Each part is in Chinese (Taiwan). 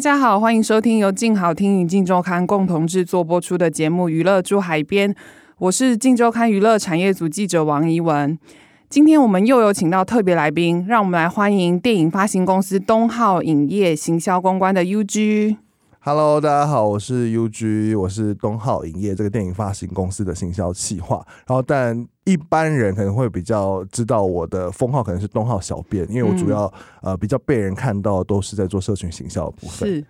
大家好，歡迎收聽由鏡好聽與鏡週刊共同製作播出的節目《娛樂珠海邊》，我是鏡週刊娛樂產業組記者王怡文。今天我們又有請到特別來賓，讓我們來歡迎電影發行公司東昊影業行銷公關的 UG。Hello，大家好，我是 UG，我是東昊影業這個電影發行公司的行銷企劃。然後，但一般人可能會比較知道我的封號可能是東昊小編，因為我主要、嗯、呃比較被人看到都是在做社群行銷的部分。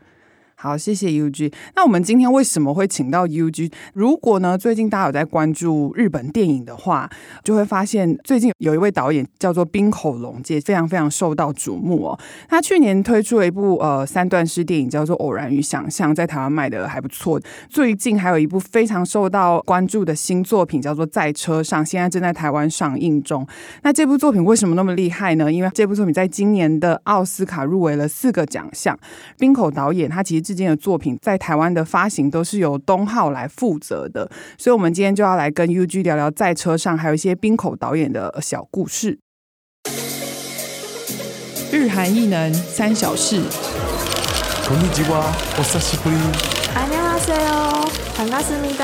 好，謝謝 UG。那我們今天為什麼會請到 UG？如果呢，最近大家有在關注日本電影的話，就會發現最近有一位導演叫做濱口竜介，非常非常受到矚目哦。他去年推出了一部呃三段式電影叫做《偶然與想象》，在台灣賣的還不錯。最近還有一部非常受到關注的新作品叫做《在車上》，現在正在台灣上映中。那這部作品為什麼那麼厲害呢？因為這部作品在今年的奧斯卡入圍了四個獎項。濱口導演他其實之間的作品在台灣的發行都是由東昊來負責的，所以，我們今天就要來跟 UG 聊聊《在車上》，還有一些濱口導演的小故事。日韓藝能三小事。안녕하세요반갑습니다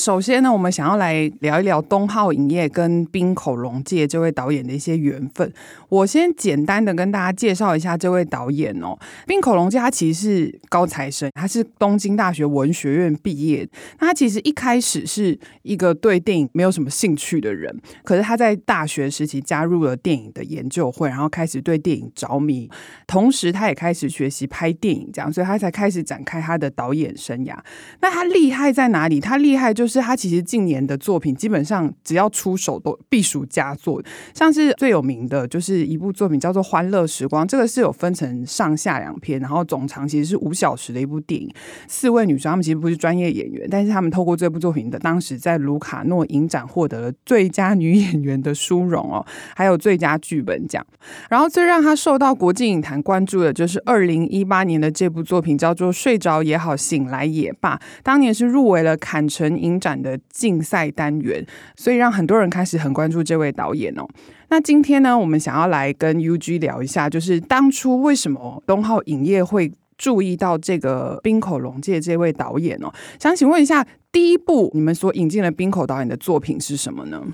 首先呢，我們想要來聊一聊東昊影業跟濱口龍介這位導演的一些緣分。我先簡單的跟大家介紹一下這位導演哦。濱口龍介他其實是高材生，他是東京大學文學院畢業。他其實一開始是一個對電影沒有什麼興趣的人，可是他在大學時期加入了電影的研究會，然後開始對電影着迷，同時他也開始學習拍電影，這樣所以他才開始展開他的導演生涯。那他厲害在哪裡？他厲害就是。就是他其實近年的作品基本上只要出手都必屬佳作，像是最有名的就是一部作品叫做《歡樂時光》，這個是有分成上下兩篇，然後總長其實是五小時的一部電影。四位女生她們其實不是專業演員，但是她們透過這部作品的，當時在盧卡諾影展獲得了最佳女演員的殊榮哦，還有最佳劇本獎。然後最讓她受到國際影壇關注的就是二零一八年的這部作品叫做《睡着也好，醒來也罷》，當年是入圍了坎城影。影展的競賽單元，所以讓很多人開始很關注這位導演哦、喔。那今天呢，我們想要來跟 UG 聊一下，就是當初為什麼東昊影業會注意到這個濱口竜介這位導演哦、喔？想請問一下，第一部你們所引進的濱口導演的作品是什麼呢？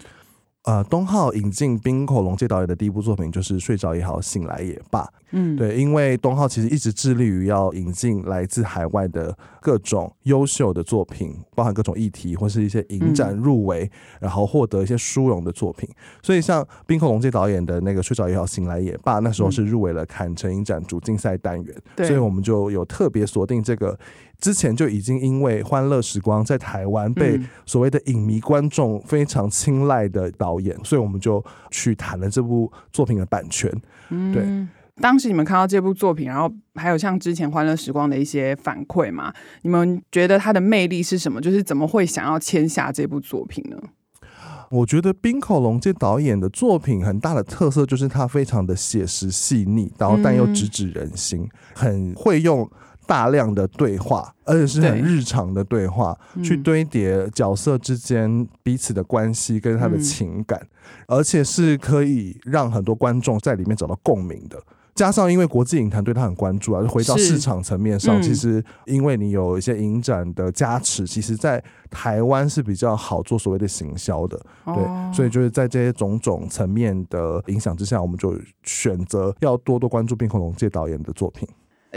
呃，東昊引進濱口龍介導演的第一部作品就是《睡着也好，醒來也罷》。嗯，對，因為東昊其實一直致力於要引進來自海外的各種優秀的作品，包含各種議題或是一些影展入圍，嗯、然後獲得一些殊榮的作品。所以像濱口龍介導演的那個《睡着也好，醒來也罷》，那時候是入圍了坎城影展主競賽單元。對、嗯，所以我們就有特別鎖定這個，之前就已經因為《歡樂時光》在台灣被所謂的影迷觀眾非常青睞的導演。演，所以我們就去談了這部作品的版權。對、嗯，當時你們看到這部作品，然後還有像之前《歡樂時光》的一些反饋嘛？你們覺得它的魅力是什麼？就是怎麼會想要簽下這部作品呢？我覺得濱口龍這導演的作品很大的特色就是它非常的寫實細膩，然後但又直指人心，嗯、很會用。大量的對話，而且是很日常的對話，對，去堆疊角色之間彼此的關係跟他的情感，嗯、而且是可以讓很多觀眾在裡面找到共鳴的。加上因為國際影壇對他很關注啊，就回到市場層面上，是其實因為你有一些影展的加持，嗯、其實在台灣是比較好做所謂的行銷的。對，哦、所以就是在這些種種層面的影響之下，我們就選擇要多多關注濱口竜介導演的作品。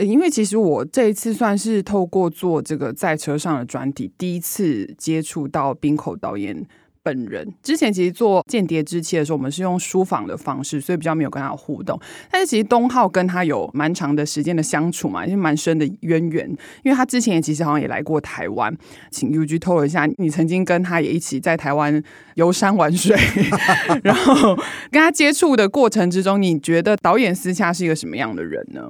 因為其實我這一次算是透過做這個在車上的專題，第一次接觸到濱口導演本人。之前其實做《間諜之妻》的時候，我們是用書房的方式，所以比較沒有跟他互動。但是其實東昊跟他有蠻長的時間的相處嘛，因為蠻深的淵源。因為他之前其實好像也來過台灣，請 U G 透露一下，你曾經跟他也一起在台灣遊山玩水， 然後跟他接觸的過程之中，你覺得導演私下是一個什麼樣的人呢？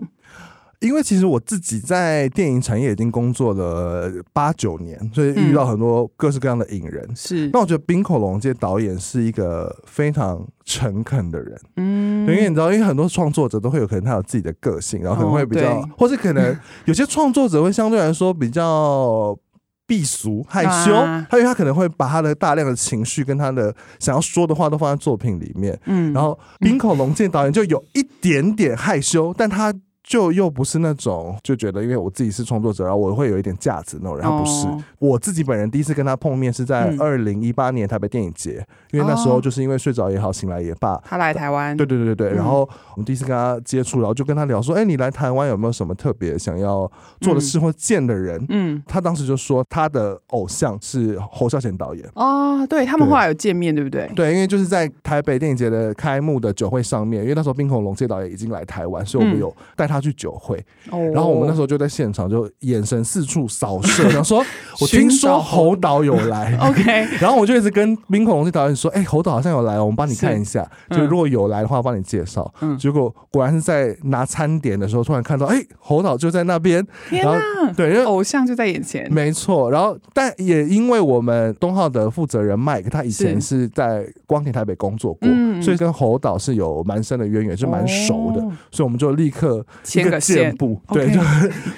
因為其實我自己在電影產業已經工作了八九年，所以遇到很多各式各樣的影人。嗯、是，那我覺得濱口龍介導演是一個非常誠懇的人。嗯，因為你知道，因為很多創作者都會有可能他有自己的個性，然後可能會比較，哦、或是可能有些創作者會相對來說比較避俗害羞。他因為他可能會把他的大量的情緒跟他的想要說的話都放在作品裡面。嗯，然後濱口龍介導演就有一點點害羞，但他。就又不是那種就覺得，因為我自己是創作者，然後我會有一點架子那種人，oh. 他不是。我自己本人第一次跟他碰面是在二零一八年台北電影節，嗯、因為那時候就是因為睡着也好，醒來也罷，他來台灣，對對對對對。嗯、然後我們第一次跟他接觸，然後就跟他聊說：“哎、嗯欸，你來台灣有沒有什麼特別想要做的事或見的人？”嗯，他當時就說他的偶像是侯孝賢導演。哦、oh，對他們後來有見面對不對？對，因為就是在台北電影節的開幕的酒會上面，因為那時候濱口龍介導演已經來台灣，所以我們有帶他、嗯。去酒會，然後我們那時候就在現場，就眼神四處掃射，想說：“我聽說侯導有來。 okay ” OK， 然後我就一直跟《濱口龍介》的導演說：“哎、欸，侯導好像有來，我們幫你看一下。嗯、就如果有來的話，我幫你介紹。嗯”結果果然是在拿餐點的時候，突然看到：“哎、欸，侯導就在那邊。天哪”然後對，因為偶像就在眼前，沒錯。然後，但也因為我們東昊的負責人 Mike，他以前是在光庭台北工作過，嗯嗯所以跟侯導是有蠻深的淵源，就蠻熟的。哦、所以我們就立刻。一個箭步，對，就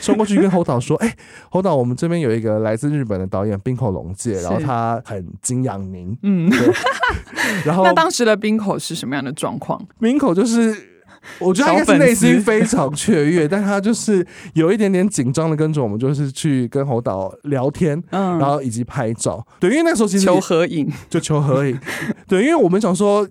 衝過去跟侯導說：“哎，侯導，我們這邊有一個來自日本的導演濱口龍介，然後他很敬仰您。”嗯，然後那當時的濱口是什麼樣的狀況？濱口就是，我覺得他應該是內心非常雀躍，但他就是有一點點緊張的跟着我們，就是去跟侯導聊天，嗯，然後以及拍照。對，因為那時候其實求合影，就求合影。對，因為我們想說。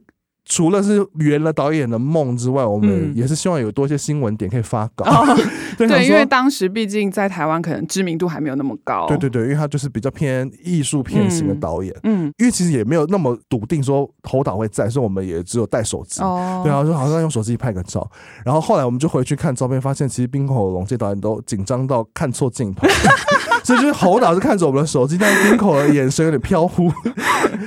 除了是圓了導演的夢之外，我們也是希望有多一些新聞點可以發稿。嗯、 對， 對，因為當時畢竟在台灣，可能知名度還沒有那麼高。對對對，因為他就是比較偏藝術片型的導演。嗯，嗯，因為其實也沒有那麼篤定說侯導會在，所以我們也只有帶手機。哦。對啊，就好像用手機拍個照，然後後來我們就回去看照片，發現其實濱口竜介這些導演都緊張到看錯鏡頭。 所以就是侯導是看着我們的手機， 但濱口的眼神有點飄忽，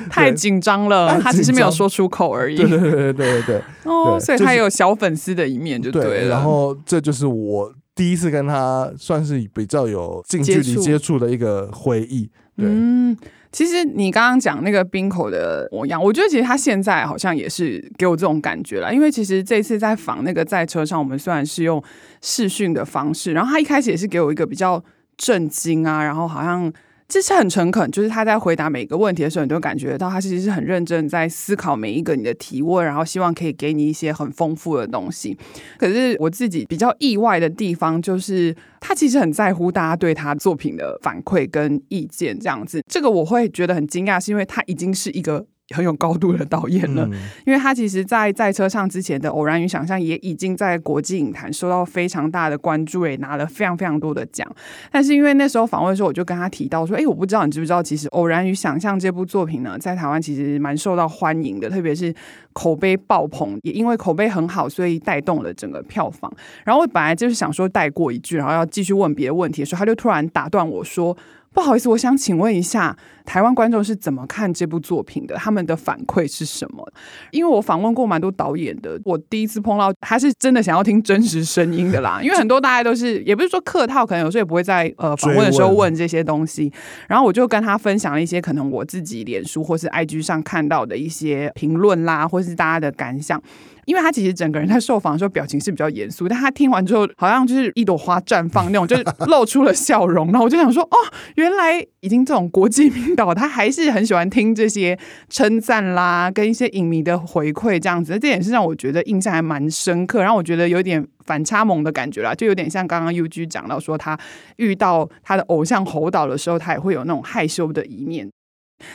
太緊張了， 對他只是沒有說出口而已。對對對對，對對對對對對。哦、oh, 對，所以他也有小粉絲的一面就對，就是、對。然後這就是我第一次跟他算是比較有近距離接觸的一個回憶。嗯，其實你剛剛講那個濱口的模樣，我覺得其實他現在好像也是給我這種感覺了，因為其實這次在訪那個在車上，我們雖然是用視訊的方式，然後他一開始也是給我一個比較。震驚啊！然後好像這是很誠懇，就是他在回答每一個問題的時候，你都感覺到他其實是很認真在思考每一個你的提問，然後希望可以給你一些很豐富的東西。可是我自己比較意外的地方就是，他其實很在乎大家對他作品的反饋跟意見這樣子。這個我會覺得很驚訝，是因為他已經是一個。很有高度的導演了，因為他其實，在在車上之前的《偶然與想象》也已經在國際影壇受到非常大的關注，也拿了非常非常多的獎。但是因為那時候訪問的時候，我就跟他提到說：“誒，我不知道你知不知道，其實《偶然與想象》這部作品呢，在台灣其實蠻受到歡迎的，特別是。”口碑爆棚，也因為口碑很好，所以帶動了整個票房。然後我本來就是想說帶過一句，然後要繼續問別的問題的時候，他就突然打斷我說：“不好意思，我想請問一下，台灣觀眾是怎麼看這部作品的？他們的反饋是什麼？”因為我訪問過蠻多導演的，我第一次碰到他是真的想要聽真實聲音的啦。因為很多大家都是，也不是說客套，可能有時候也不會在呃訪問的時候問這些東西。追問。然後我就跟他分享了一些可能我自己臉書或是 IG 上看到的一些評論啦，或是大家的感想，因為他其實整個人在受訪的時候表情是比較嚴肅，但他聽完之後好像就是一朵花綻放那種，就是露出了笑容。 然後我就想說，哦，原來已經這種國際名導，他還是很喜歡聽這些稱讚啦，跟一些影迷的回饋這樣子。這點是讓我覺得印象還蠻深刻，讓我覺得有點反差萌的感覺啦，就有點像剛剛 UG 講到說，他遇到他的偶像侯導的時候，他也會有那種害羞的一面。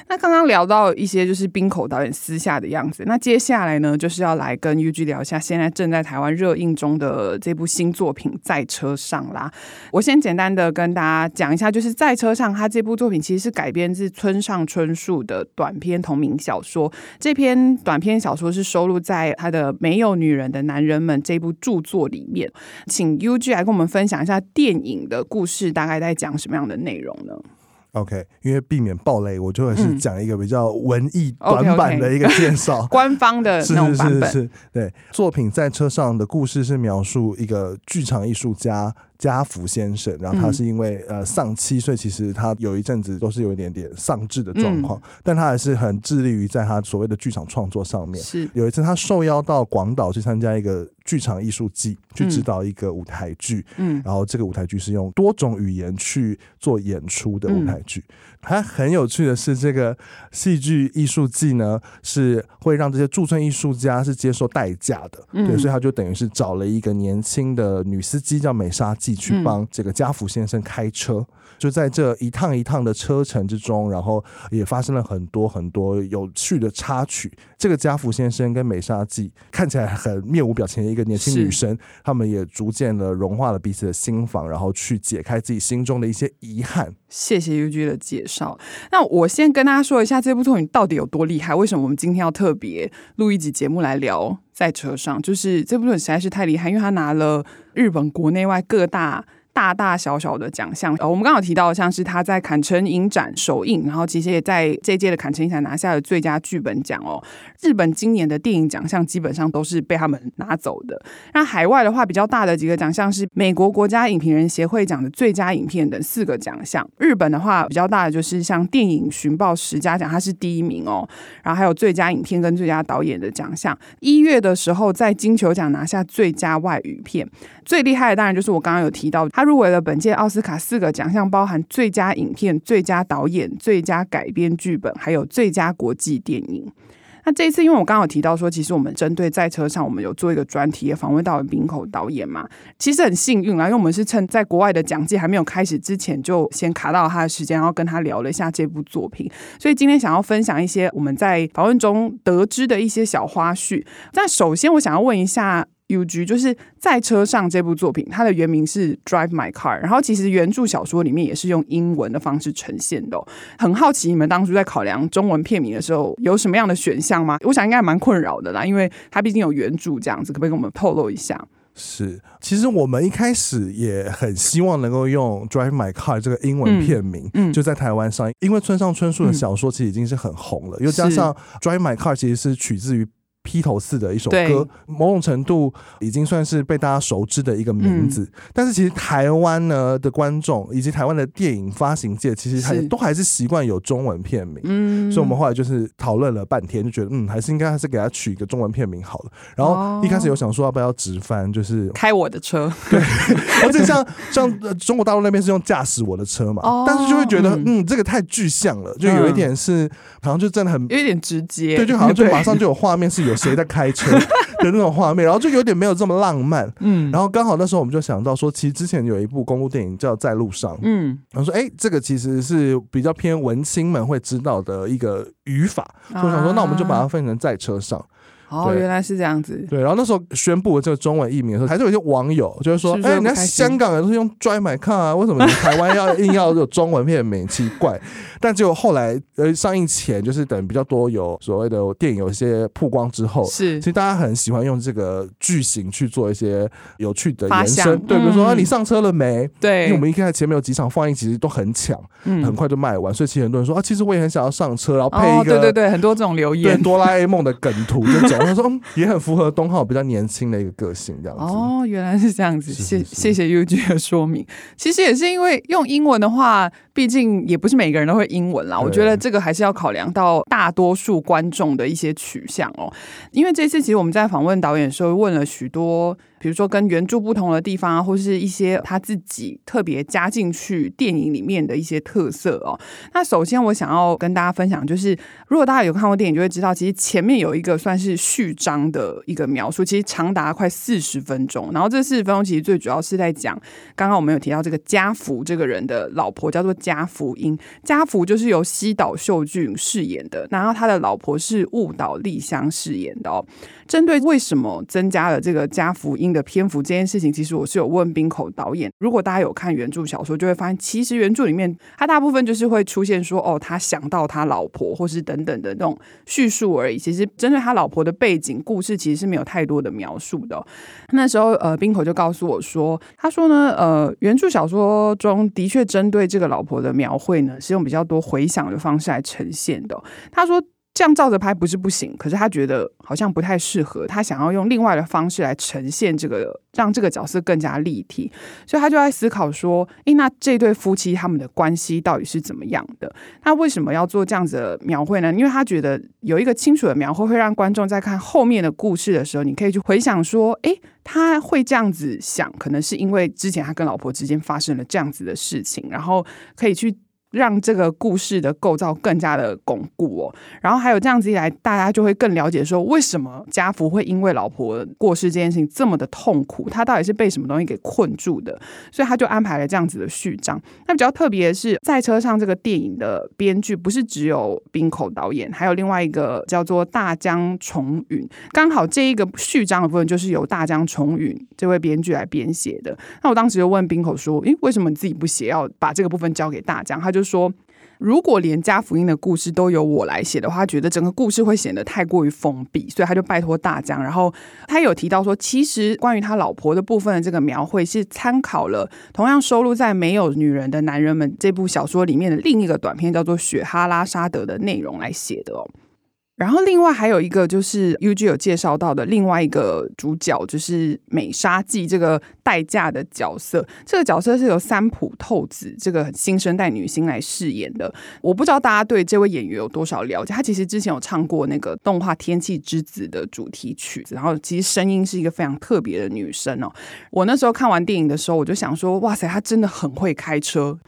那剛剛聊到一些就是濱口導演私下的樣子，那接下來呢就是要來跟 UG 聊一下現在正在台灣熱映中的這部新作品《在車上》啦。我先簡單的跟大家講一下，就是在車上，他這部作品其實是改編自村上春樹的短篇同名小說。這篇短篇小說是收錄在他的《沒有女人的男人們》這部著作裡面。請 UG 來跟我們分享一下電影的故事，大概在講什麼樣的內容呢？OK，因為避免暴雷，我就會是講一個比較文藝短版的一個介紹，嗯、okay, okay. 官方的那種版本。是是是是，對，作品在車上的故事是描述一個劇場藝術家。家福先生，然後他是因為、嗯、呃喪妻，所以其實他有一陣子都是有一點點喪志的狀況，嗯、但他還是很致力於在他所謂的劇場創作上面。是，有一次他受邀到廣島去參加一個劇場藝術季，嗯、去指導一個舞台劇。嗯，然後這個舞台劇是用多種語言去做演出的舞台劇。嗯還很有趣的是，這個戲劇藝術季呢，是會讓這些駐村藝術家是接受代價的，嗯、對，所以他就等於是找了一個年輕的女司機叫美沙季去幫這個家福先生開車，嗯、就在這一趟一趟的車程之中，然後也發生了很多很多有趣的插曲。這個家福先生跟美沙季看起來很面無表情的一個年輕女生，是他們也逐漸的融化了彼此的心防，然後去解開自己心中的一些遺憾。謝謝 U G 的介紹。少，那我先跟大家說一下這部作品到底有多厲害。為什麼我們今天要特別錄一集節目來聊在車上？就是這部作品實在是太厲害，因為他拿了日本國內外各大。大大小小的獎項，呃、哦，我們剛好提到，像是他在坎城影展首映，然後其實也在這屆的坎城影展拿下了最佳劇本獎哦。日本今年的電影獎項基本上都是被他們拿走的。那海外的話，比較大的幾個獎項是美國國家影評人協會獎的最佳影片等四個獎項。日本的話，比較大的就是像電影旬報十佳獎，它是第一名哦。然後還有最佳影片跟最佳導演的獎項。一月的時候，在金球獎拿下最佳外語片，最厲害的當然就是我剛剛有提到他，入圍了本屆奧斯卡四個獎項，包含最佳影片、最佳導演、最佳改編劇本，還有最佳國際電影。那這一次，因為我剛好提到說，其實我們針對《在車上》，我們有做一個專題，也訪問到了濱口導演嘛，其實很幸運啦，因為我們是趁在國外的獎季還沒有開始之前，就先卡到他的時間，然後跟他聊了一下這部作品。所以今天想要分享一些我們在訪問中得知的一些小花絮。那首先，我想要問一下。UG 就是在車上這部作品，它的原名是《Drive My Car》，然後其實原著小說裡面也是用英文的方式呈現的哦。很好奇你們當初在考量中文片名的時候，有什麼樣的選項嗎？我想應該蠻困擾的啦，因為它畢竟有原著這樣子，可不可以跟我們透露一下？是，其實我們一開始也很希望能夠用《Drive My Car》這個英文片名，嗯，嗯，就在台灣上映，因為村上春樹的小說其實已經是很紅了，嗯，又加上《Drive My Car》其實是取自於。披頭四的一首歌，某種程度已經算是被大家熟知的一個名字。但是其實台灣呢的觀眾以及台灣的電影發行界，其實還都還是習慣有中文片名。嗯，所以我們後來就是討論了半天，就覺得嗯，還是應該還是給他取一個中文片名好了。然後一開始有想說要不要直翻，就是開我的車。對，而且像像中國大陸那邊是用駕駛我的車嘛，但是就會覺得嗯，這個太具象了，就有一點是好像就真的很有一點直接，對，就好像就馬上就有畫面是有，誰在開車的那種畫面， 然後就有點沒有這麼浪漫。嗯，然後剛好那時候我們就想到說，其實之前有一部公路電影叫《在路上》。嗯，然後說，哎、欸，這個其實是比較偏文青們會知道的一個語法。啊、所以我想說，那我們就把它分成在車上。哦，原來是這樣子。對，然後那時候宣布這個中文譯名的時候，還是有些網友就是說，哎，人家香港人都是用 Drive My Car 啊，為什麼你台灣要硬要這種中文片名？奇怪。但結果後來，呃，上映前就是等比較多有所謂的電影有一些曝光之後，是，其實大家很喜歡用這個句型去做一些有趣的延伸，對，比如說啊，你上車了沒？對，因為我們一看前面有幾場放映，其實都很搶，嗯，很快就賣完，所以其實很多人說啊，其實我也很想要上車，然後配一個，對對對，很多這種留言，對，哆啦 A 夢的梗圖這種。我說， 也很符合東昊比較年輕的一個個性這樣子。哦，原來是這樣子，是是是謝謝謝 UG 的說明。其實也是因為用英文的話，畢竟也不是每個人都會英文啦。對我覺得這個還是要考量到大多數觀眾的一些取向哦。因為這次其實我們在訪問導演的時候，問了許多。比如說跟原著不同的地方啊，或者是一些他自己特別加進去電影裡面的一些特色哦。那首先我想要跟大家分享，就是如果大家有看過電影，就會知道，其實前面有一個算是序章的一個描述，其實長達快四十分鐘。然後這四十分鐘其實最主要是在講，剛剛我們有提到這個家福這個人的老婆叫做家福音。家福就是由西島秀俊飾演的，然後他的老婆是霧島麗香飾演的哦。針對為什麼增加了這個家福音的篇幅這件事情，其實我是有問濱口導演。如果大家有看原著小說，就會發現，其實原著裡面他大部分就是會出現說，哦，他想到他老婆，或是等等的那種敘述而已。其實針對他老婆的背景故事，其實是沒有太多的描述的哦。那時候，呃，濱口就告訴我說，他說呢，呃，原著小說中的確針對這個老婆的描繪呢，是用比較多回想的方式來呈現的哦。他說。這樣照着拍不是不行，可是他覺得好像不太適合。他想要用另外的方式來呈現這個，讓這個角色更加立體，所以他就在思考說：誒，那這對夫妻他們的關係到底是怎麼樣的？那為什麼要做這樣子的描繪呢？因為他覺得有一個清楚的描繪會讓觀眾在看後面的故事的時候，你可以去回想說：誒，他會這樣子想，可能是因為之前他跟老婆之間發生了這樣子的事情，然後可以去。讓這個故事的構造更加的鞏固哦，然後還有，這樣子一來，大家就會更了解說為什麼家福會因為老婆過世這件事情這麼的痛苦，他到底是被什麼東西給困住的，所以他就安排了這樣子的序章。那比較特別的是，在車上這個電影的編劇不是只有濱口導演，還有另外一個叫做大江崇允，剛好這一個序章的部分就是由大江崇允這位編劇來編寫的。那我當時就問濱口說：“誒，為什麼你自己不寫，要把這個部分交給大江？”他就說，說，如果連家福音的故事都由我來寫的話，覺得整個故事會顯得太過於封閉，所以他就拜託大江。然後他有提到說，其實關於他老婆的部分的這個描繪是參考了同樣收錄在《沒有女人的男人們》這部小說裡面的另一個短篇，叫做《雪哈拉沙德》的內容來寫的哦。然後，另外還有一個就是 UG 有介紹到的另外一個主角，就是美沙季這個代駕的角色。這個角色是由三浦透子這個新生代女星來飾演的。我不知道大家對這位演員有多少了解。她其實之前有唱過那個動畫《天氣之子》的主題曲，然後其實聲音是一個非常特別的女生哦。我那時候看完電影的時候，我就想說：哇塞，她真的很會開車。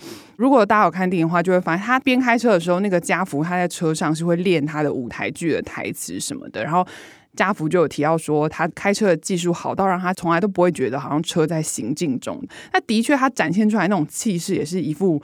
如果大家有看電影的話，就會發現他邊開車的時候，那個家福他在車上是會練他的舞台劇的台詞什麼的。然後家福就有提到說，他開車的技術好到讓他從來都不會覺得好像車在行進中。那的確，他展現出來那種氣勢也是一副，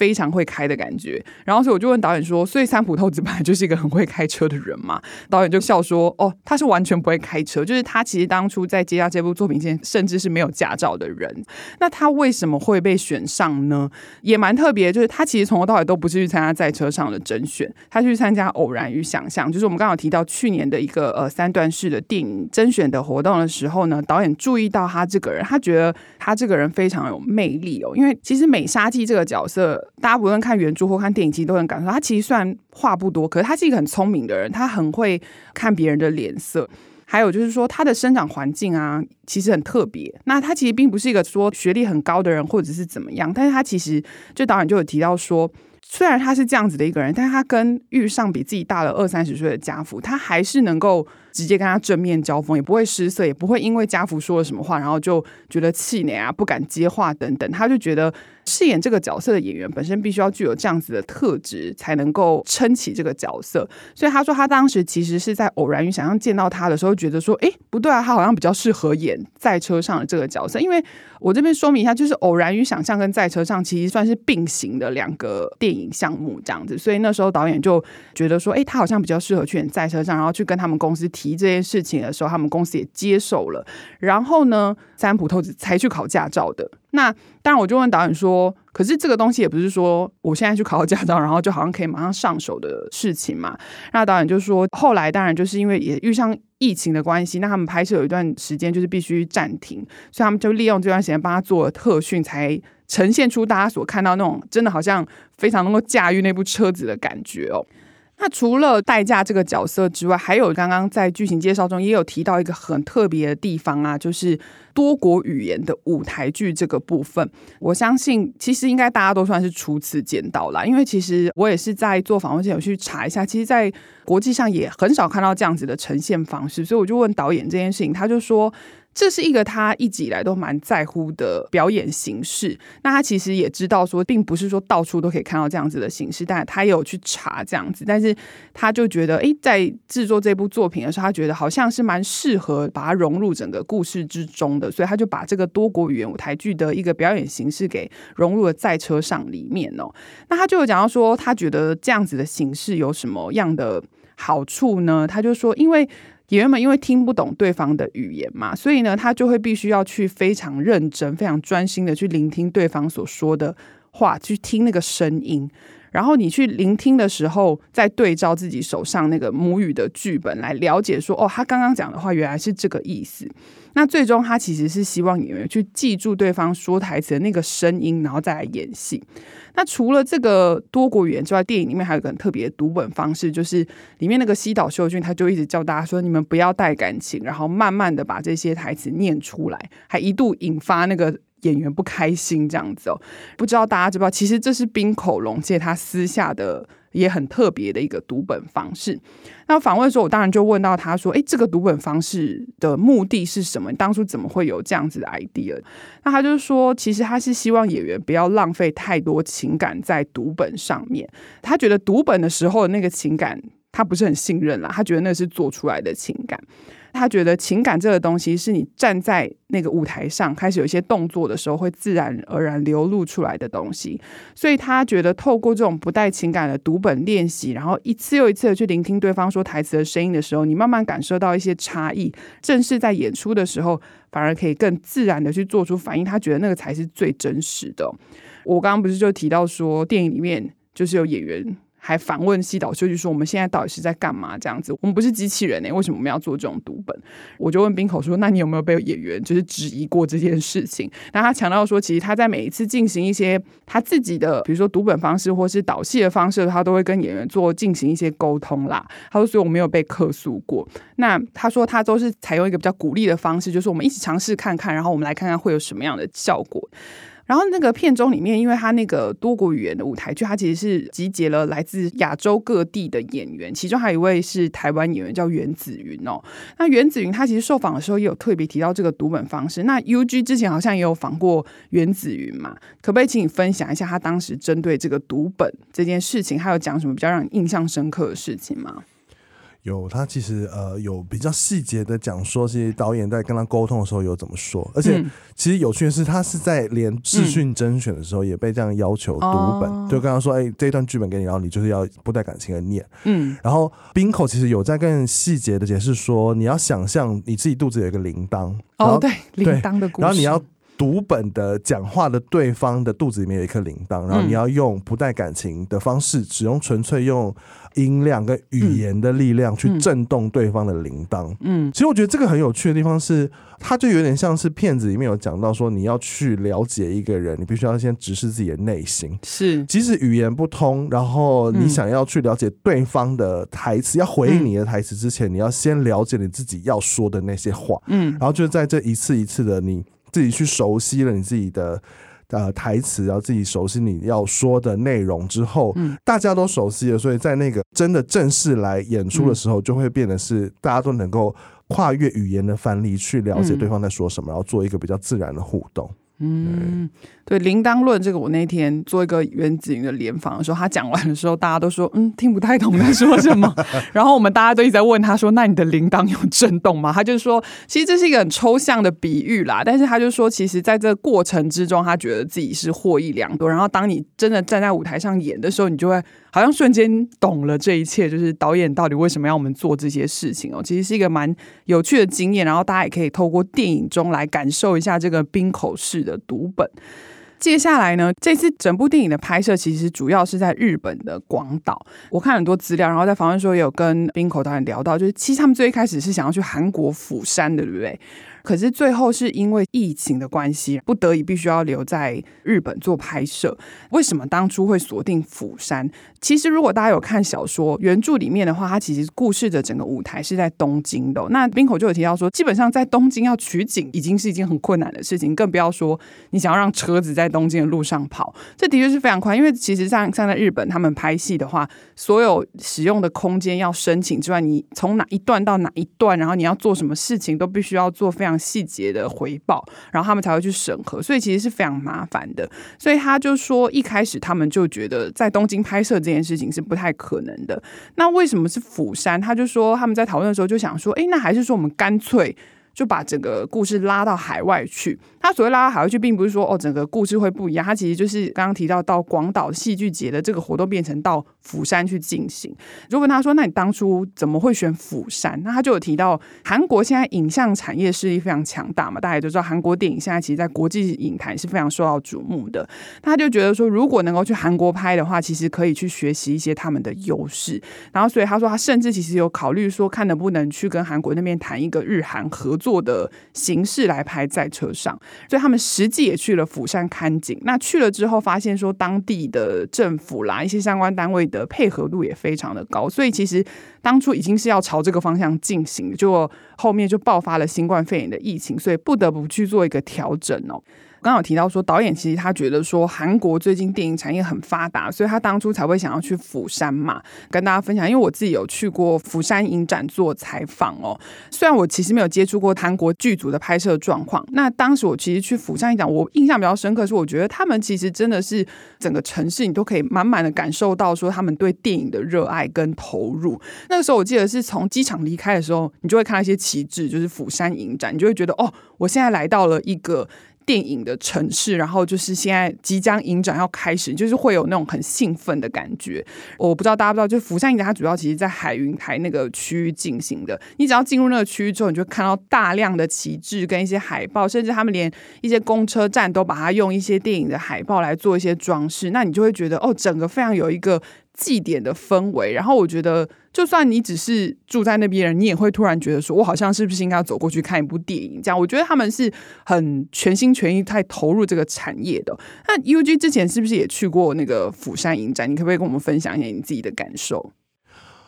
非常會開的感覺，然後所以我就問導演說：“所以三浦透子本來就是一個很會開車的人嘛？”導演就笑說：“哦，他是完全不會開車，就是他其實當初在接下這部作品前，甚至是沒有駕照的人。那他為什麼會被選上呢？也蠻特別，就是他其實從頭到尾都不是去參加在車上的甄選，他是去參加偶然與想象，就是我們剛好提到去年的一個呃三段式的電影甄選的活動的時候呢，導演注意到他這個人，他覺得他這個人非常有魅力哦，因為其實美沙季這個角色。大家不論看原著或看電影其實都很感受，他其實雖然話不多，可是他是一個很聰明的人，他很會看別人的臉色。還有就是說，他的生長環境啊，其實很特別。那他其實並不是一個說學歷很高的人，或者是怎麼樣。但是他其實就導演就有提到說，雖然他是這樣子的一個人，但是他跟遇上比自己大了二三十歲的家福，他還是能夠直接跟他正面交鋒，也不會失色，也不會因為家福說了什麼話，然後就覺得氣餒啊，不敢接話等等，他就覺得。飾演這個角色的演員本身必須要具有這樣子的特質，才能夠撐起這個角色。所以他說，他當時其實是在偶然與想象見到他的時候，覺得說：“哎，不對啊，他好像比較適合演在車上的這個角色。”因為我這邊說明一下，就是《偶然與想象》跟《在車上》其實算是並行的兩個電影項目，這樣子。所以那時候導演就覺得說：“哎，他好像比較適合去演在車上。”然後去跟他們公司提這件事情的時候，他們公司也接受了。然後呢，三浦透子才去考駕照的。那當然，我就問導演說：“可是這個東西也不是說我現在去考駕照，然後就好像可以馬上上手的事情嘛？”那導演就說：“後來當然就是因為也遇上疫情的關係，那他們拍攝有一段時間就是必須暫停，所以他們就利用這段時間幫他做了特訓，才呈現出大家所看到那種真的好像非常能夠駕馭那部車子的感覺哦。”那除了代駕這個角色之外，還有剛剛在劇情介紹中也有提到一個很特別的地方啊，就是多國語言的舞台劇這個部分。我相信其實應該大家都算是初次見到啦，因為其實我也是在做訪問前有去查一下，其實，在國際上也很少看到這樣子的呈現方式，所以我就問導演這件事情，他就說。這是一個他一直以來都蠻在乎的表演形式。那他其實也知道說，並不是說到處都可以看到這樣子的形式，但他也有去查這樣子。但是他就覺得，哎，在製作這部作品的時候，他覺得好像是蠻適合把它融入整個故事之中的，所以他就把這個多國語言舞台劇的一個表演形式給融入了在車上裡面哦。那他就有講到說，他覺得這樣子的形式有什麼樣的好處呢？他就說，因為。演員們因為聽不懂對方的語言嘛，所以呢，他就會必須要去非常認真、非常專心的去聆聽對方所說的話，去聽那個聲音。然後你去聆聽的時候，再對照自己手上那個母語的劇本來了解說，哦，他剛剛講的話原來是這個意思。那最終他其實是希望你們去記住對方說台詞的那個聲音，然後再來演戲。那除了這個多國語言之外，電影裡面還有一個很特別的讀本方式，就是裡面那個西島秀俊他就一直叫大家說，你們不要帶感情，然後慢慢的把這些台詞念出來，還一度引發那個。演員不開心這樣子哦、喔，不知道大家知不知道，其實這是濱口竜介他私下的也很特別的一個讀本方式。那訪問的時候，我當然就問到他說：“哎、欸，這個讀本方式的目的是什麼？你當初怎麼會有這樣子的 idea？” 那他就說，其實他是希望演員不要浪費太多情感在讀本上面。他覺得讀本的時候的那個情感，他不是很信任啦。他覺得那是做出來的情感。他覺得情感這個東西是你站在那個舞台上開始有一些動作的時候，會自然而然流露出來的東西。所以他覺得透過這種不帶情感的讀本練習，然後一次又一次的去聆聽對方說台詞的聲音的時候，你慢慢感受到一些差異，正式在演出的時候，反而可以更自然的去做出反應。他覺得那個才是最真實的。我剛剛不是就提到說電影裡面就是有演員。還反問西島秀俊說：“我們現在到底是在幹嘛？這樣子，我們不是機器人哎、欸，為什麼我們要做這種讀本？”我就問濱口說：“那你有沒有被演員就是質疑過這件事情？”那他強調說：“其實他在每一次進行一些他自己的，比如說讀本方式或是導戲的方式，他都會跟演員做進行一些溝通啦。”他說：“所以我沒有被客訴過。”那他說他都是採用一個比較鼓勵的方式，就是我們一起嘗試看看，然後我們來看看會有什麼樣的效果。然後那個片中裡面，因為他那個多國語言的舞台劇，他其實是集結了來自亞洲各地的演員，其中還有一位是台灣演員叫袁子芸哦。那袁子芸他其實受訪的時候也有特別提到這個讀本方式。那 U G 之前好像也有訪過袁子芸嘛？可不可以請你分享一下他當時針對這個讀本這件事情，還有講什麼比較讓你印象深刻的事情嗎？有他其實呃有比較細節的講說，是導演在跟他溝通的時候有怎麼說，而且、嗯、其實有趣的是，他是在連視訊甄選的時候也被這樣要求讀本，就、嗯、跟他說：“哎、欸，這一段劇本給你，然後你就是要不帶感情的念。”嗯，然後濱口其實有在更細節的解釋說，你要想象你自己肚子有一個鈴鐺哦，對，對鈴鐺的故事，然後你要。讀本的講話的對方的肚子裡面有一顆鈴鐺，然後你要用不帶感情的方式，嗯、只用純粹用音量跟語言的力量去震動對方的鈴鐺。嗯，嗯其實我覺得這個很有趣的地方是，它就有點像是片子裡面有講到說，你要去了解一個人，你必須要先直視自己的內心。是，即使語言不通，然後你想要去了解對方的台詞，嗯、要回應你的台詞之前，嗯、你要先了解你自己要說的那些話。嗯，然後就是在這一次一次的你，自己去熟悉了你自己的呃台詞，然後自己熟悉你要說的內容之後，嗯、大家都熟悉了，所以在那個真的正式來演出的時候，嗯、就會變得是大家都能夠跨越語言的藩籬去了解對方在說什麼，嗯、然後做一個比較自然的互動。嗯，對，對《鈴鐺論》這個，我那天做一個原子雲的聯訪的時候，他講完的時候，大家都說嗯，聽不太懂他說什麼。 然後我們大家都一直在問他說：“那你的鈴鐺有震動嗎？”他就說，其實這是一個很抽象的比喻啦。但是他就說，其實在這個過程之中，他覺得自己是獲益良多。然後當你真的站在舞台上演的時候，你就會好像瞬間懂了這一切，就是導演到底為什麼要我們做這些事情哦。其實是一個蠻有趣的經驗。然後大家也可以透過電影中來感受一下這個濱口式的的讀本，接下來呢，這次整部電影的拍攝其實主要是在日本的廣島。我看很多資料，然後在訪問說，也有跟濱口導演聊到，就是其實他們最一開始是想要去韓國釜山的，對不對？可是最後是因為疫情的關係，不得已必須要留在日本做拍攝。為什麼當初會鎖定釜山？其實如果大家有看小說原著裡面的話，它其實故事的整個舞台是在東京的。那濱口就有提到說，基本上在東京要取景，已經是已經很困難的事情，更不要說你想要讓車子在東京的路上跑。這的確是非常快，因為其實像像在日本，他們拍戲的話，所有使用的空間要申請之外，你從哪一段到哪一段，然後你要做什麼事情，都必須要做非常。細節的回報，然後他們才會去審核，所以其實是非常麻煩的。所以他就說，一開始他們就覺得在東京拍攝這件事情是不太可能的。那為什麼是釜山？他就說他們在討論的時候就想說，哎，那還是說我們乾脆。就把整個故事拉到海外去。他所謂拉到海外去，並不是說哦，整個故事會不一樣，他其實就是剛剛提到到廣島戲劇節的這個活動變成到釜山去進行。如果他說，那你當初怎麼會選釜山？那他就有提到韓國現在影像產業勢力非常強大嘛，大家也都知道韓國電影現在其實在國際影壇是非常受到矚目的。他就覺得說，如果能夠去韓國拍的話，其實可以去學習一些他們的優勢。然後，所以他說他甚至其實有考慮說，看能不能去跟韓國那邊談一個日韓合作做的形式來拍在車上，所以他們實際也去了釜山看景。那去了之後，發現說當地的政府啦，一些相關單位的配合度也非常的高，所以其實當初已經是要朝這個方向進行，就後面就爆發了新冠肺炎的疫情，所以不得不去做一個調整哦、喔。我剛剛有提到說，導演其實他覺得說，韓國最近電影產業很發達，所以他當初才會想要去釜山嘛，跟大家分享。因為我自己有去過釜山影展做採訪哦，雖然我其實沒有接觸過韓國劇組的拍攝狀況。那當時我其實去釜山影展，我印象比較深刻是，我覺得他們其實真的是整個城市，你都可以滿滿的感受到說他們對電影的熱愛跟投入。那個時候我記得是從機場離開的時候，你就會看到一些旗幟，就是釜山影展，你就會覺得哦，我現在來到了一個。電影的城市，然後就是現在即將影展要開始，就是會有那種很興奮的感覺。我不知道大家不知道，就是釜山影展它主要其實在海雲台那個區域進行的。你只要進入那個區域之後，你就會看到大量的旗幟跟一些海報，甚至他們連一些公車站都把它用一些電影的海報來做一些裝飾。那你就會覺得哦，整個非常有一個祭典的氛圍。然後我覺得。就算你只是住在那邊人，你也會突然覺得說，我好像是不是應該要走過去看一部電影？這樣，我覺得他們是很全心全意在投入這個產業的。那 UG 之前是不是也去過那個釜山影展？你可不可以跟我們分享一下你自己的感受？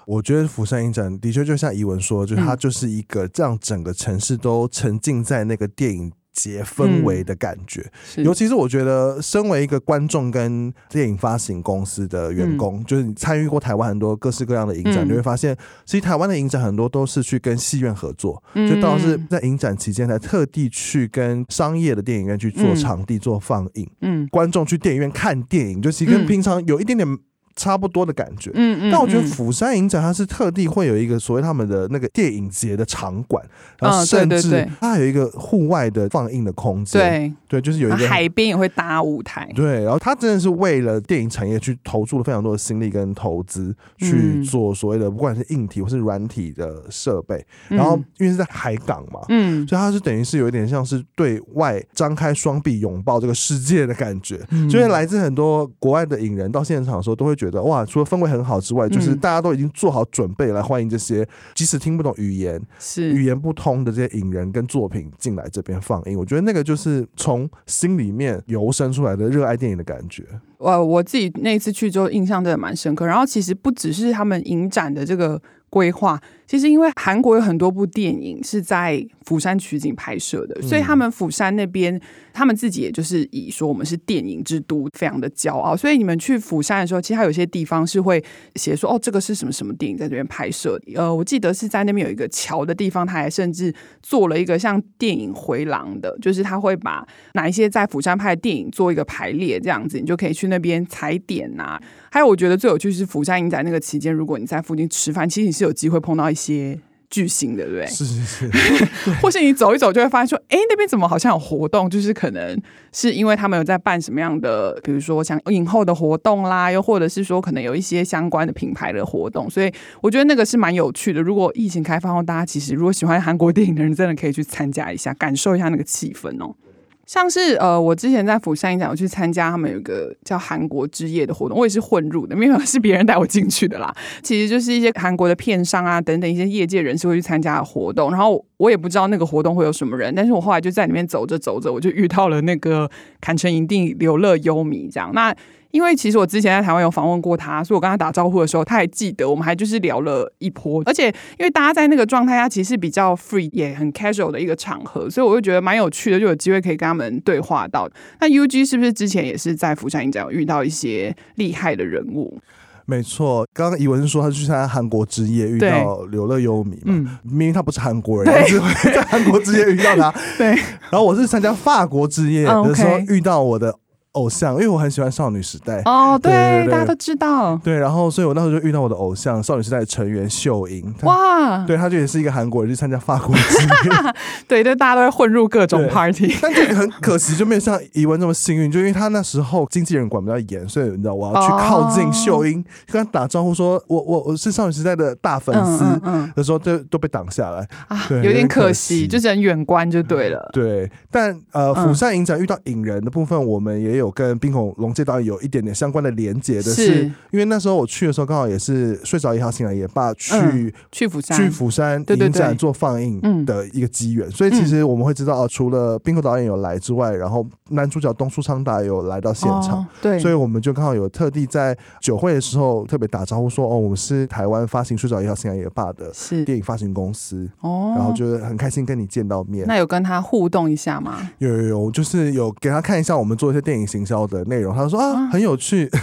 我覺得釜山影展的確就像怡文說，就是它就是一個讓整個城市都沉浸在那個電影。嗯節氛圍的感覺，嗯、尤其是我覺得，身為一個觀眾跟電影發行公司的員工，嗯、就是你參與過台灣很多各式各樣的影展，你、嗯、會發現，其實台灣的影展很多都是去跟戲院合作，嗯、就倒是在影展期間才特地去跟商業的電影院去做場地做放映，嗯，嗯觀眾去電影院看電影，就其實跟平常有一點點。差不多的感覺，嗯嗯，嗯嗯但我覺得釜山影展它是特地會有一個所謂他們的那個電影節的場館，嗯、然後甚至它還有一個戶外的放映的空間，哦，對對，對，對，對，就是有一個、啊、海邊也會搭舞台，對，然後它真的是為了電影產業去投注了非常多的心力跟投資，嗯、去做所謂的不管是硬體或是軟體的設備，嗯、然後因為是在海港嘛，嗯，所以它是等於是有一點像是對外張開雙臂擁抱這個世界的感覺，嗯、所以來自很多國外的影人到現場的時候都會。覺得哇，除了氛圍很好之外，就是大家都已經做好準備來歡迎這些、嗯、即使聽不懂語言、是語言不通的這些影人跟作品進來這邊放映。我覺得那個就是從心裡面油生出來的熱愛電影的感覺。哇，我自己那次去就印象真的蠻深刻。然後其實不只是他們影展的這個。規劃其實，因為韓國有很多部電影是在釜山取景拍攝的，所以他們釜山那邊，他們自己也就是以說我們是電影之都，非常的驕傲。所以你們去釜山的時候，其實它有些地方是會寫說，哦，這個是什麼什麼電影在這邊拍攝的。呃，我記得是在那邊有一個橋的地方，它還甚至做了一個像電影回廊的，就是他會把哪一些在釜山拍的電影做一個排列，這樣子你就可以去那邊踩點吶、啊。還有，我覺得最有趣是釜山影展那個期間，如果你在附近吃飯，其實你是有機會碰到一些巨星的，對不對？是是是， 或是你走一走就會發現說，哎，那邊怎麼好像有活動？就是可能是因為他們有在辦什麼樣的，比如說像影後的活動啦，又或者是說可能有一些相關的品牌的活動。所以我覺得那個是蠻有趣的。如果疫情開放後，大家其實如果喜歡韓國電影的人，真的可以去參加一下，感受一下那個氣氛哦。像是呃，我之前在釜山影展，我去參加他們有個叫韓國之夜的活動，我也是混入的，沒有，是別人帶我進去的啦。其實就是一些韓國的片商啊等等一些業界人士會去參加的活動，然後我也不知道那個活動會有什麼人，但是我後來就在裡面走着走着，我就遇到了那個坎城影帝柳樂優彌這樣那。因為其實我之前在台灣有訪問過他，所以我跟他打招呼的時候，他還記得我們，還就是聊了一波。而且因為大家在那個狀態下其實比較 free 也很 casual 的一個場合，所以我就覺得蠻有趣的，就有機會可以跟他們對話到。那 U G 是不是之前也是在釜山影展有遇到一些厲害的人物？沒錯，剛剛宇文說他去參加韓國之夜遇到柳樂優彌嘛，對明明他不是韓國人，他對在韓國之夜遇到他。對，然後我是參加法國之夜的時候，嗯 okay，遇到我的偶像，因為我很喜歡少女時代哦，對，大家都知道，對，然後所以我那時候就遇到我的偶像少女時代成員秀英哇，對，他就也是一個韓國人去參加法國，對，就大家都會混入各種 party，但很可惜就沒有像怡文這麼幸運，就因為他那時候經紀人管比較嚴，所以你知道我要去靠近秀英跟他打招呼，說我我我是少女時代的大粉絲，的時候都都被擋下來，有點可惜，就只能遠觀就對了，對，但呃，釜山影展遇到影人的部分我們也有。有跟濱口龍介導演有一點點相關的連接的是，是因為那時候我去的時候剛好也是《睡著也好醒來也罷》去，嗯、去釜山去釜山影展對對對做放映的一個機緣，嗯、所以其實我們會知道哦、呃，除了濱口導演有來之外，然後男主角東出昌大有來到現場，哦、對，所以我們就剛好有特地在酒會的時候特別打招呼說：“哦，我們是台灣發行《睡著也好醒來也罷》的電影發行公司哦，然後就是很開心跟你見到面，那有跟他互動一下嗎？有有有，就是有給他看一下我們做一些電影。”行銷的內容，他說啊，很有趣，啊、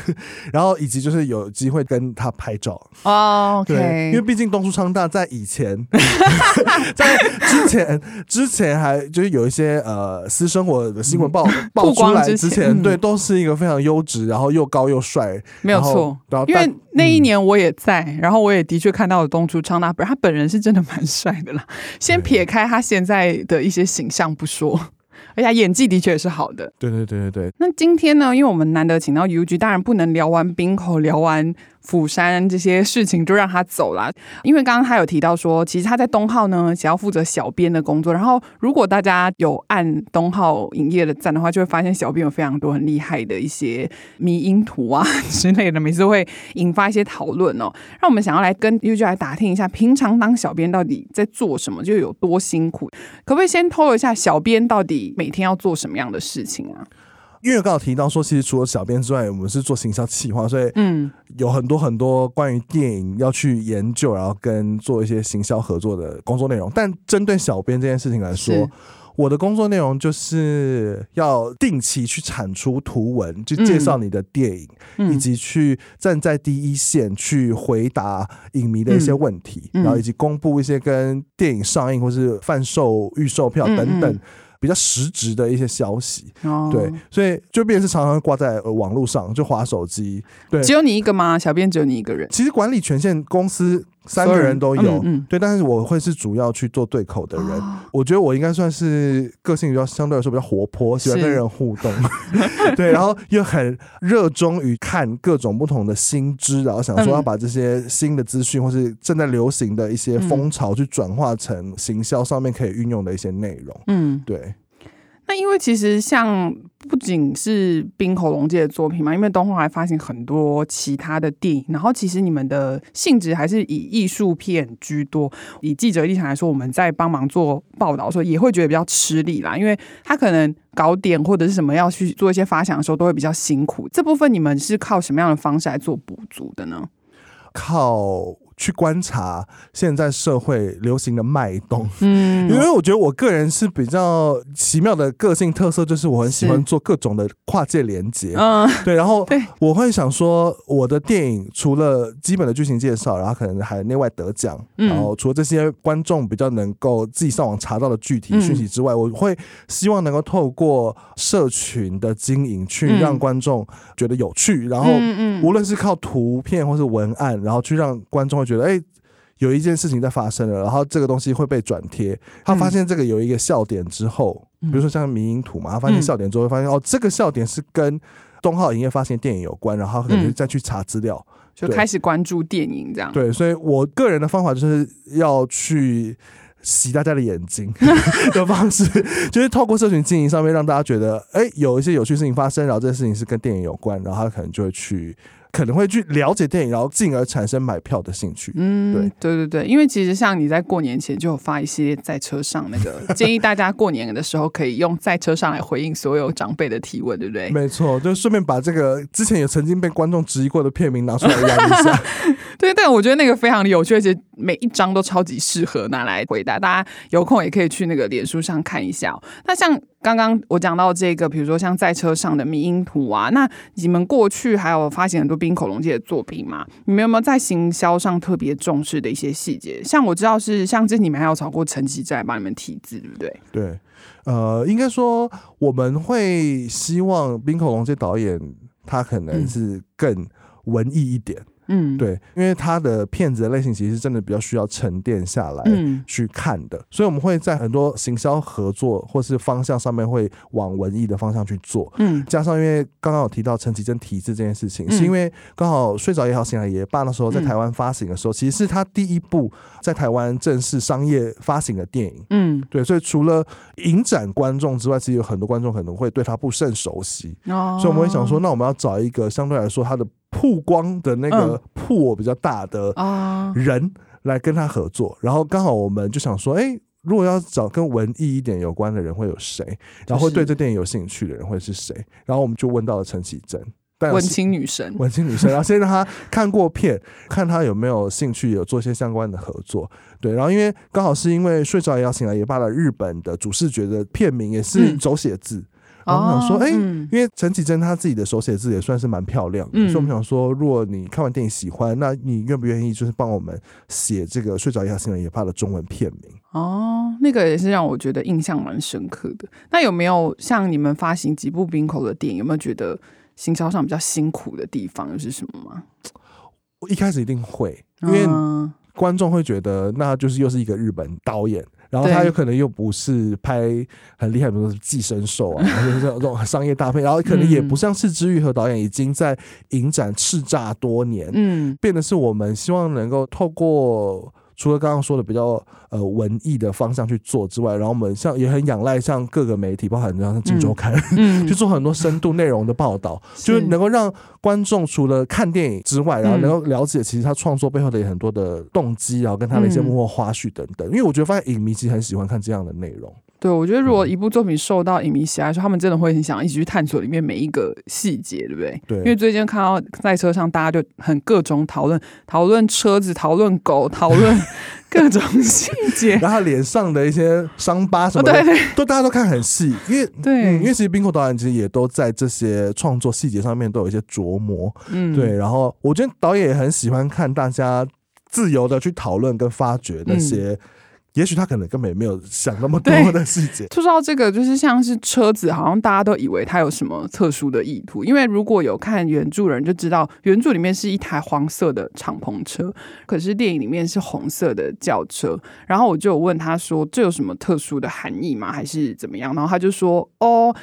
然後以及就是有機會跟他拍照哦，okay、對，因為畢竟東出昌大在以前， 在之前之前還就是有一些呃私生活的新聞曝曝、嗯、出來之前，之前對，嗯、都是一個非常優質，然後又高又帥，沒有錯。因為那一年我也在，嗯、然後我也的確看到了東出昌大，本他本人是真的蠻帥的啦。先撇開他現在的一些形象不說。而且他演技的確也是好的。對對對對對。那今天呢，因為我們難得請到 UG，當然不能聊完濱口，聊完。釜山這些事情就讓他走了、啊，因為剛剛他有提到說，其實他在東昊呢，想要負責小編的工作。然後，如果大家有按東昊影業的讚的話，就會發現小編有非常多很厲害的一些迷因圖啊之類的，每次會引發一些討論哦。讓我們想要來跟 UG 來打聽一下，平常當小編到底在做什麼，就有多辛苦？可不可以先透露一下，小編到底每天要做什麼樣的事情啊？因為剛好提到說，其實除了小編之外，我們是做行銷企劃，所以嗯，有很多很多關於電影要去研究，然後跟做一些行銷合作的工作內容。但針對小編這件事情來說，是我的工作內容就是要定期去產出圖文，就、嗯、介紹你的電影，嗯、以及去站在第一線去回答影迷的一些問題，嗯嗯、然後以及公布一些跟電影上映或是販售預售票等等。嗯嗯比較實質的一些消息，哦、對，所以就變成是常常掛在網絡上，就滑手機。對，只有你一個嗎？小編只有你一個人？其實管理權限公司。三個人都有，嗯嗯、對，但是我會是主要去做對口的人。哦、我覺得我應該算是個性比較相對來說比較活潑，喜歡跟人互動，是 對，然後又很熱衷於看各種不同的新知，然後想說要把這些新的資訊或是正在流行的一些風潮去轉化成行銷上面可以運用的一些內容，嗯，對。那因為其實像不僅是濱口竜介的作品嘛，因為東昊還發行很多其他的電影。然後其實你們的性質還是以藝術片居多。以記者立場來說，我們在幫忙做報道的時候也會覺得比較吃力啦。因為他可能搞點或者是什麼要去做一些發想的時候，都會比較辛苦。這部分你們是靠什麼樣的方式來做補足的呢？靠。去觀察現在社會流行的脈動，嗯、因為我覺得我個人是比較奇妙的個性特色，就是我很喜歡做各種的跨界連接，嗯、對，然後我會想說，我的電影除了基本的劇情介紹，然後可能還內外得獎，嗯、然後除了這些觀眾比較能夠自己上網查到的具體訊息之外，嗯、我會希望能夠透過社群的經營去讓觀眾覺得有趣，嗯、然後無論是靠圖片或是文案，然後去讓觀眾。覺得哎，有一件事情在發生了，然後這個東西會被轉貼。他發現這個有一個笑點之後，嗯、比如說像迷因圖嘛，他發現笑點之後，嗯、發現哦，這個笑點是跟東昊影業發行的電影有關，然後可能就再去查資料，嗯，就開始關注電影這樣對。對，所以我個人的方法就是要去洗大家的眼睛的方式， 就是透過社群經營上面讓大家覺得哎、欸，有一些有趣事情發生，然後這件事情是跟電影有關，然後他可能就會去。可能會去了解電影，然後進而產生買票的興趣。嗯，對，對，對，對，因為其實像你在過年前就有發一些在車上那個， 建議大家過年的時候可以用在車上來回應所有長輩的提問，對不對？沒錯，就順便把這個之前也曾經被觀眾質疑過的片名拿出來亮一下。 對，但我覺得那個非常有趣，而且每一張都超級適合拿來回答。大家有空也可以去那個臉書上看一下哦。那像。剛剛我講到這個，比如說像在車上的迷因圖啊，那你們過去還有發行很多濱口龍介的作品嗎？你們有沒有在行銷上特別重視的一些細節？像我知道是像這，你們還有找過陳績在幫你們題字，對不對？對，呃，應該說我們會希望濱口龍介導演他可能是更文藝一點。嗯嗯，對，因為他的片子的類型其實真的比較需要沉澱下來去看的，嗯、所以我們會在很多行銷合作或是方向上面會往文藝的方向去做。嗯，加上因為剛剛有提到陳綺貞題字這件事情，嗯、是因為剛好睡着也好，醒來也罷，那時候在台灣發行的時候，嗯、其實是他第一部在台灣正式商業發行的電影。嗯，對，所以除了影展觀眾之外，其實有很多觀眾可能會對他不甚熟悉。哦、所以我們會想說，那我們要找一個相對來說他的。曝光的那個曝比較大的人來跟他合作，然後剛好我們就想說，哎，如果要找跟文藝一點有關的人會有誰，然後會對這電影有興趣的人會是誰？然後我們就問到了陳綺貞，但文青女神，文青女神，然後先讓他看過片，看他有沒有興趣有做些相關的合作。對，然後因為剛好是因為睡着也要醒來也罷了，日本的主視覺的片名也是手寫字。嗯我們想說，哎、哦嗯欸，因為陳綺貞她自己的手寫字也算是蠻漂亮，嗯、所以我們想說，如果你看完電影喜歡，那你願不願意就是幫我們寫這個《睡著也好醒來也罷》的中文片名？哦，那個也是讓我覺得印象蠻深刻的。那有沒有像你們發行幾部濱口的電影，有沒有覺得行銷上比較辛苦的地方又是什麼嗎？我一開始一定會，因為觀眾會覺得那就是又是一個日本導演。然後他有可能又不是拍很厲害，比如說《寄生獸》啊，這 種商業大片。然後可能也不像是是枝裕和導演已經在影展叱咤多年，嗯，變得是我們希望能夠透過。除了剛剛說的比較呃文藝的方向去做之外，然後我們像也很仰賴像各個媒體，包含像《鏡週刊》，嗯，嗯、 去做很多深度內容的報道是就是能夠讓觀眾除了看電影之外，然後能夠了解其實他創作背後的很多的動機啊，嗯、然後跟他的一些幕後花絮等等。嗯、因為我覺得發現影迷其實很喜歡看這樣的內容。對，我覺得如果一部作品受到影迷喜愛，說、嗯、他們真的會很想一起去探索裡面每一個細節，對不對？對。因為最近看到在車上，大家就很各種討論，討論車子，討論狗，討論各種細節， 然後臉上的一些傷疤什麼的，哦、對對都大家都看很細。因為對、嗯，因為其實濱口導演其實也都在這些創作細節上面都有一些琢磨。嗯，對。然後我覺得導演也很喜歡看大家自由的去討論跟發掘那些。嗯也許他可能根本也沒有想那麼多的事情。說到這個，就是像是車子，好像大家都以為他有什麼特殊的意圖。因為如果有看原著的人就知道，原著裡面是一台黃色的敞篷車，可是電影裡面是紅色的轎車。然後我就問他說：“這有什麼特殊的含義嗎？還是怎麼樣？”然後他就說：“哦。”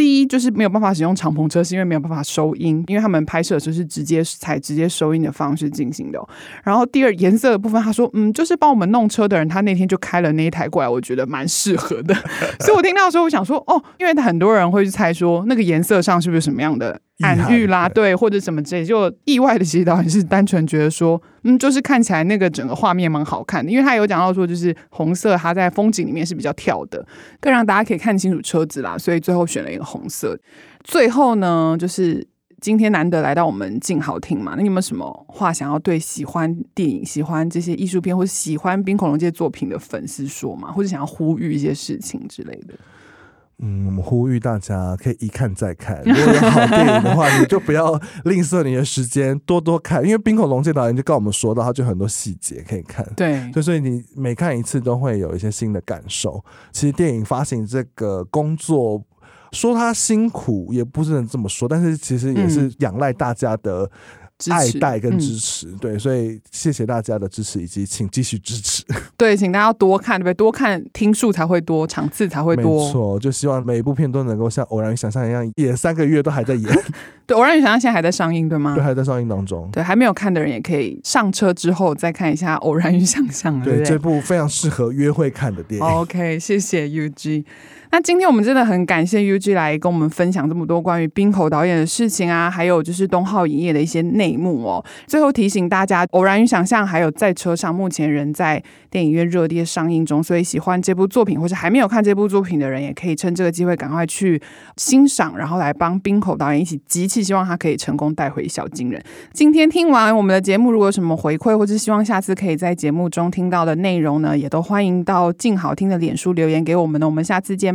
第一就是沒有辦法使用敞篷車，是因為沒有辦法收音，因為他們拍攝的時候是直接採直接收音的方式進行的。然後第二顏色的部分，他說，嗯，就是幫我們弄車的人，他那天就開了那一台過來，我覺得蠻適合的。 所以我聽到的時候，我想說，哦，因為很多人會去猜說那個顏色上是不是什麼樣的。暗喻啦，對，或者什麼之類，就意外的，其實導演是單純覺得說，嗯，就是看起來那個整個畫面蠻好看的，因為他有講到說，就是紅色它在風景裡面是比較跳的，更讓大家可以看清楚車子啦，所以最後選了一個紅色。最後呢，就是今天難得來到我們靜好聽嘛，那你有沒有什麼話想要對喜歡電影、喜歡這些藝術片或者喜歡濱口竜介這些作品的粉絲說嗎，或者想要呼籲一些事情之類的？嗯，我們呼籲大家可以一看再看。如果有好電影的話， 你就不要吝嗇你的時間，多多看。因為濱口竜介這導演就跟我們說到，他就很多細節可以看。對，對，所以你每看一次都會有一些新的感受。其實電影發行這個工作，說它辛苦也不能這麼說，但是其實也是仰賴大家的、嗯。愛戴跟支持，嗯、對，所以謝謝大家的支持，以及請繼續支持。對，請大家多看，對不對？多看廳數才會多，場次才會多。沒錯，就希望每一部片都能夠像《偶然與想像》一樣，演三個月都還在演。 對，《偶然與想像》現在還在上映，對嗎？對，還在上映當中。對，還沒有看的人也可以上車之後再看一下《偶然與想像》。對，這部非常適合約會看的電影。Oh, OK，謝謝 UG。那今天我們真的很感謝 UG 來跟我們分享這麼多關於濱口導演的事情啊，還有就是東昊影業的一些內幕哦。最後提醒大家，《偶然與想象》還有《在車上》，目前仍在電影院熱烈上映中。所以喜歡這部作品或者還沒有看這部作品的人，也可以趁這個機會趕快去欣賞，然後來幫濱口導演一起集氣，希望他可以成功帶回小金人。今天聽完我們的節目，如果有什麼回饋或者希望下次可以在節目中聽到的內容呢，也都歡迎到靜好聽的臉書留言給我們呢。我們下次見。